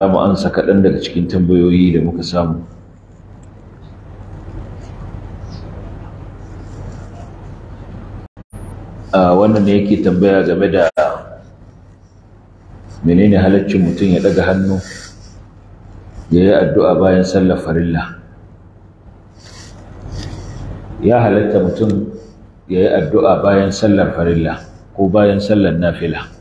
za mu ansa kaɗan daga cikin tambayoyi da muka samu a wannan ne yake tambaya game da menene halaccin mutum ya ɗaga hannu ya yi addu'a bayan sallar farilla ya halatta mutum ya yi addu'a bayan sallar farilla ko bayan sallar nafila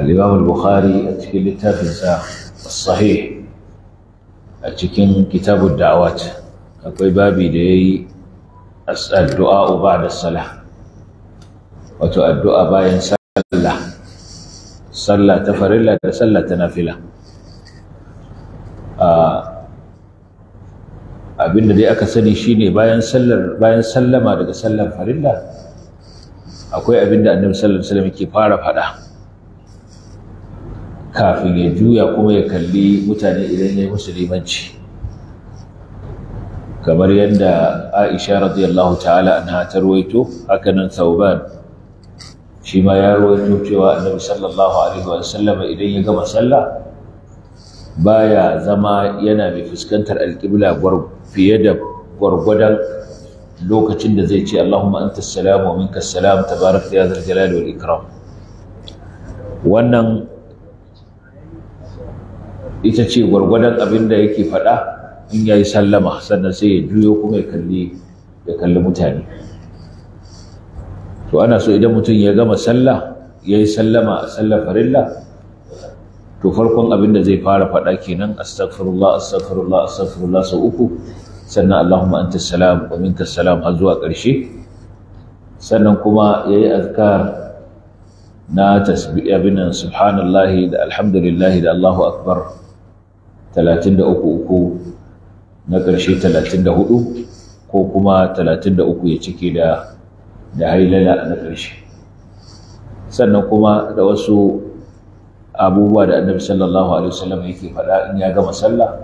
الإمام البخاري أتكلم تافنسا الصحيح أتكلم كتاب الدعوات أقول بابي دي الدعاء بعد الصلاة وتؤدعاء باين صلى صلى تفرلا صلى تنافلة da dai aka sani shine bayan sallar bayan sallama daga sallar farilla akwai abinda annabi sallallahu alaihi wasallam yake fara fada kafin ya juya kuma ya kalli mutane idan ya yi musu limanci kamar yadda aisha radiyallahu ta'ala na ta ruwaito hakanan sauban shi ma ya ruwaito cewa annabi sallallahu alaihi wa idan ya gama sallah baya zama yana mai fuskantar alƙibla fiye da gwargwadon lokacin da zai ce Allahumma anta salam wa minka salam tabarak ya zal jalali wal ikram wannan ita ce gwargwadon abin da yake faɗa in ya yi sallama sannan sai ya juyo kuma ya kalli ya kalli mutane to ana so idan mutum ya gama sallah ya yi sallama a sallar farilla to farkon abin da zai fara faɗa kenan astaghfirullah astaghfirullah astaghfirullah sau uku sannan allahumma anta salam wa minka salam har zuwa ƙarshe sannan kuma ya yi azkar na tasbi nan subhanallahi da alhamdulillahi da Allahu akbar da uku na ƙarshe hudu ko kuma uku ya cike da da hailala na ƙarshe sannan kuma da wasu abubuwa da annabi sallallahu alaihi wasallam yake faɗa in ya gama sallah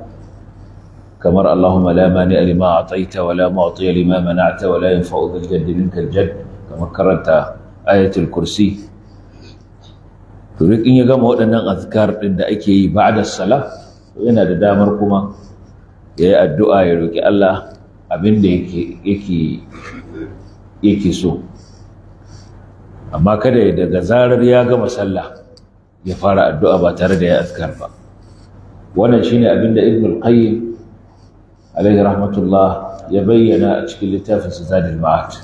kamar Allahumma la mani Alima ataita wa la mu'tiya lima mana'ta wa la yanfa'u dhal jadd kamar karanta ayatul kursi to duk in ya gama waɗannan azkar din da ake yi ba'da salah yana da damar kuma ya yi addu'a ya roƙi Allah abin yake so amma kada ya daga zarar ya gama sallah ya fara addu'a ba tare da ya azkar ba wannan shine abin da ibn al-qayyim rahmatullah ya bayyana a cikin littafin su zadin ma'at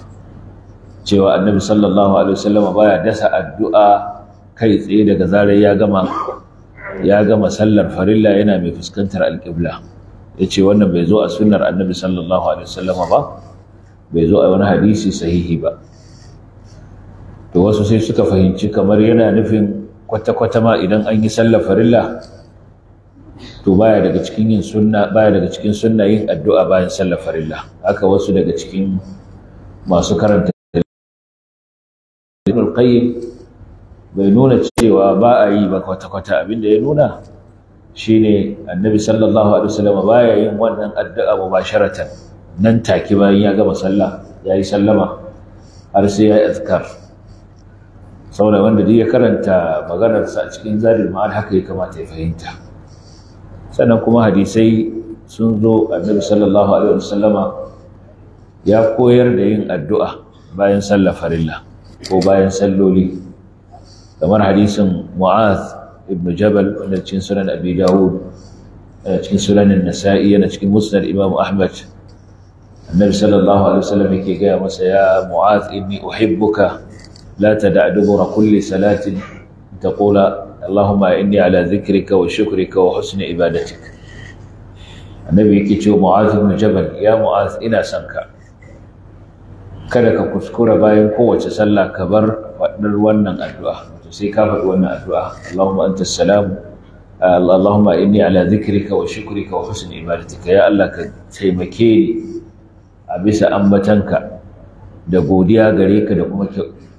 cewa annabi sallallahu alaihi baya dasa addu'a kai tsaye daga zarar ya gama ya gama sallar farilla yana mai fuskantar alƙibla ya ce wannan bai zo a sunar annabi sallallahu alaihi wasallama ba bai zo a wani hadisi sahihi ba to wasu sai suka fahimci kamar yana nufin kwata-kwata ma idan an yi sallar farilla to baya daga cikin yin sunna baya daga cikin sunna yin addu'a bayan sallar farilla haka wasu daga cikin masu karanta Ibn Qayyim bai nuna cewa ba a yi ba kwata-kwata abinda ya nuna shine annabi sallallahu alaihi ba baya yin wannan addu'a mubasharatan nan take bayan ya gama sallah yayi sallama har sai ya azkar saboda wanda duk ya karanta maganarsa a cikin zadil ma'al haka ya kamata ya fahimta sannan kuma hadisai sun zo annabi sallallahu alaihi wasallama ya koyar da yin addu'a bayan sallafarilla farilla ko bayan salloli kamar hadisin mu'az ibn jabal wanda cikin sunan abi dawud eh, cikin sunan nasa'i yana cikin musnad imam ahmad annabi sallallahu alaihi wasallam yake gaya masa ya mu'az inni uhibbuka la tad'a dubura kulli salatin taqula allahumma inni ala dhikrika wa shukrika wa husni ibadatik annabi yake cewa mu'az ibn jabal ya mu'az ina son ka kada ka kuskura bayan kowace sallah ka bar faɗar wannan addu'a sai ka faɗi wannan addu'a Allahumma anta salam Allahumma inni ala dhikrika wa shukrika wa husni ibadatika ya Allah ka taimake ni a bisa ambatanka da godiya gare ka da kuma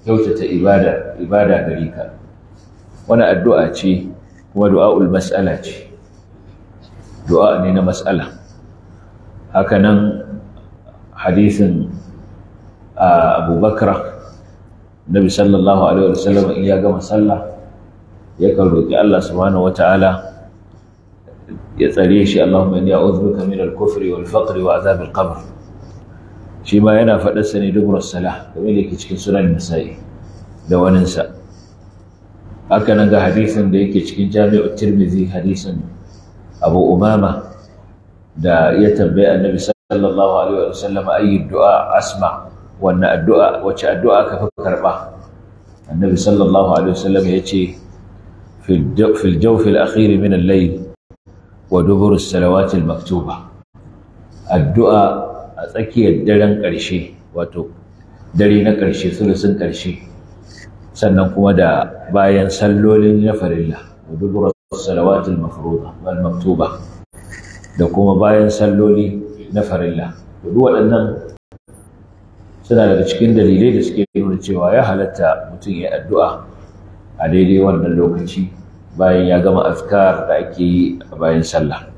kyautata ibada ibada gare ka wannan addu'a ce kuma du'a'ul mas'ala ce du'a ne na mas'ala haka nan hadisin ah, abubakar Nabi sallallahu alaihi wasallam in ya gama sallah yakan roki Allah subhanahu wataala ya tsare shi Allahumma inni a'udhu bika min al-kufri wal faqri wa azab al-qabr shi ma yana faɗar sa ne dubur salah kamar yake cikin sunan nisai da waninsa. sa haka nan ga hadisin da yake cikin Jami'u Tirmidhi hadisin Abu Umama da ya tambayi Annabi sallallahu alaihi wasallam ayi du'a asma' wannan addu'a wacce addu'a ka fi karɓa annabi sallallahu alaihi wasallam ya ce fil jawfil akhiri min al wa dubur as maktuba addu'a a tsakiyar daren ƙarshe wato dare na ƙarshe sulusun ƙarshe sannan kuma da bayan sallolin na farilla wa dubur as maktuba da kuma bayan salloli na farilla duk waɗannan suna daga cikin dalilai da suke nuna cewa ya halatta mutum ya addu'a a daidai wannan lokaci bayan ya gama azkar da ake yi a bayan sallah